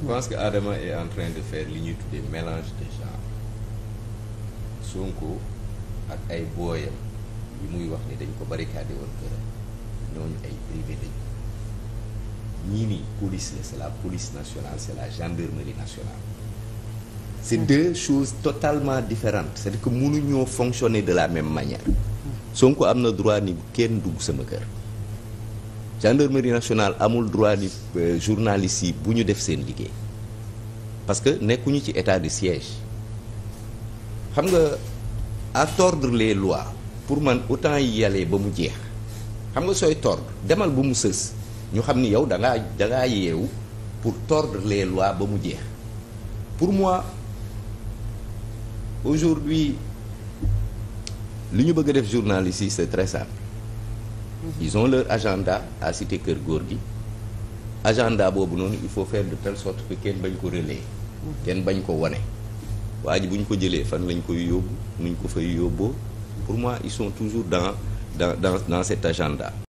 je que Adama est en train de faire li ñuy tuddee mélange des genres Sonko ak ay booyam yi muy wax ni dañ ko barricadé woon këram ñooñu ay privé lañ ñii nii police la c'est la police nationale c'est la gendarmerie nationale c'est deux choses totalement différentes c'est-à-dire que mënuñoo fonctionner de la même manière Sonko am na droit ni kenn dugg sama kër gendarmerie nationale amul droit ni euh, journalistes yi bu ñu def seen liggéey parce que nekkuñu ci état de siège xam nga à tordre les loi pour man autant y aller ba mu jeex xam nga sooy tordre demal ba mu sës ñu xam ni yow da ngaa da ngaa yeewu pour tordre les lois ba mu jeex pour moi aujourd'hui li ñu bëgg a def journalistes yi c'est très simple Mhm. ils ont leur agenda à kër góor gi agenda boobu noonu il faut faire de telle sorte que kenn bañ ko relayer mhm. kenn bañ ko wane waa ji bu ñu ko jëlee fan lañ koy yóbbu nuñ ko fay yóbboo pour moi ils sont toujours dans dans dans dans cet agenda